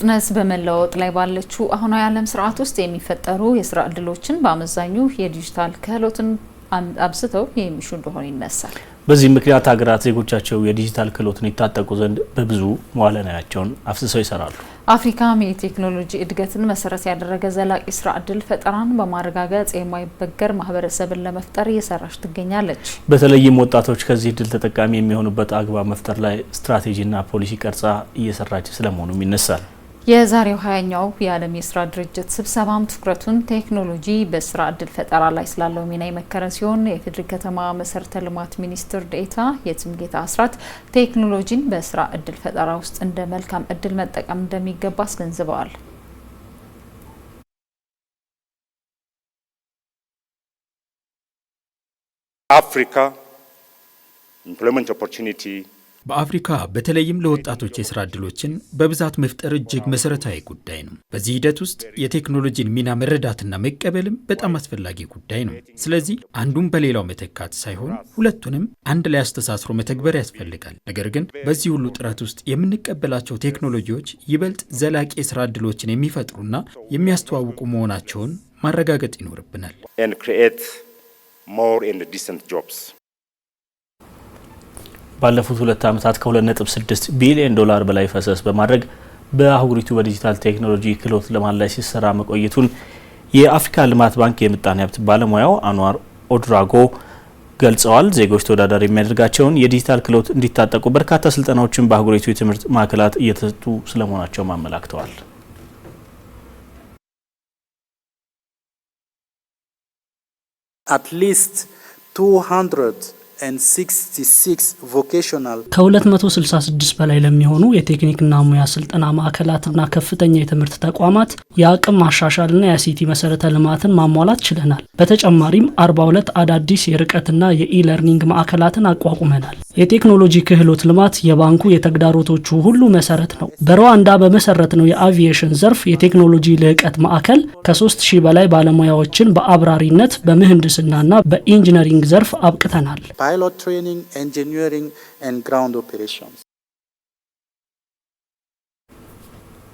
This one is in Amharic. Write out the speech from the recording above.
ፍጥነት በመለዋወጥ ላይ ባለችው አሁናዊ የዓለም ስርዓት ውስጥ የሚፈጠሩ የስራ እድሎችን በአመዛኙ የዲጂታል ክህሎትን አብዝተው የሚሹ እንደሆነ ይነሳል። በዚህ ምክንያት ሀገራት ዜጎቻቸው የዲጂታል ክህሎትን ይታጠቁ ዘንድ በብዙ መዋዕለ ንዋያቸውን አፍስሰው ይሰራሉ። አፍሪካም የቴክኖሎጂ እድገትን መሰረት ያደረገ ዘላቂ ስራ እድል ፈጠራን በማረጋገጥ የማይበገር ማህበረሰብን ለመፍጠር እየሰራች ትገኛለች። በተለይም ወጣቶች ከዚህ እድል ተጠቃሚ የሚሆኑበት አግባብ መፍጠር ላይ ስትራቴጂና ፖሊሲ ቀርጻ እየሰራች ስለመሆኑም ይነሳል። የዛሬው ሀያኛው የዓለም የስራ ድርጅት ስብሰባም ትኩረቱን ቴክኖሎጂ በስራ እድል ፈጠራ ላይ ስላለው ሚና የመከረ ሲሆን የኢፌዴሪ ከተማ መሰረተ ልማት ሚኒስትር ዴኤታ የትምጌታ አስራት ቴክኖሎጂን በስራ እድል ፈጠራ ውስጥ እንደ መልካም እድል መጠቀም እንደሚገባ አስገንዝበዋል። አፍሪካ ኢምፕሎይመንት ኦፖርቹኒቲ በአፍሪካ በተለይም ለወጣቶች የስራ ዕድሎችን በብዛት መፍጠር እጅግ መሰረታዊ ጉዳይ ነው። በዚህ ሂደት ውስጥ የቴክኖሎጂን ሚና መረዳትና መቀበልም በጣም አስፈላጊ ጉዳይ ነው። ስለዚህ አንዱን በሌላው መተካት ሳይሆን ሁለቱንም አንድ ላይ አስተሳስሮ መተግበር ያስፈልጋል። ነገር ግን በዚህ ሁሉ ጥረት ውስጥ የምንቀበላቸው ቴክኖሎጂዎች ይበልጥ ዘላቂ የስራ ዕድሎችን የሚፈጥሩና የሚያስተዋውቁ መሆናቸውን ማረጋገጥ ይኖርብናል። ባለፉት ሁለት ዓመታት ከ2.6 ቢሊዮን ዶላር በላይ ፈሰስ በማድረግ በአህጉሪቱ በዲጂታል ቴክኖሎጂ ክህሎት ልማት ላይ ሲሰራ መቆየቱን የአፍሪካ ልማት ባንክ የምጣኔ ሀብት ባለሙያው አንዋር ኦድራጎ ገልጸዋል። ዜጎች ተወዳዳሪ የሚያደርጋቸውን የዲጂታል ክህሎት እንዲታጠቁ በርካታ ስልጠናዎችን በአህጉሪቱ የትምህርት ማዕከላት እየተሰጡ ስለመሆናቸውም አመላክተዋል። አትሊስት 200 ከ266 በላይ ለሚሆኑ የቴክኒክና ሙያ ስልጠና ማዕከላትና ከፍተኛ የትምህርት ተቋማት የአቅም ማሻሻልና የአይሲቲ መሰረተ ልማትን ማሟላት ችለናል። በተጨማሪም 42 አዳዲስ የርቀትና የኢለርኒንግ ማዕከላትን አቋቁመናል። የቴክኖሎጂ ክህሎት ልማት የባንኩ የተግዳሮቶቹ ሁሉ መሰረት ነው። በሩዋንዳ በመሰረት ነው የአቪዬሽን ዘርፍ የቴክኖሎጂ ልዕቀት ማዕከል ከ3000 በላይ ባለሙያዎችን በአብራሪነት በምህንድስናና በኢንጂነሪንግ ዘርፍ አብቅተናል። pilot training, engineering, and ground operations.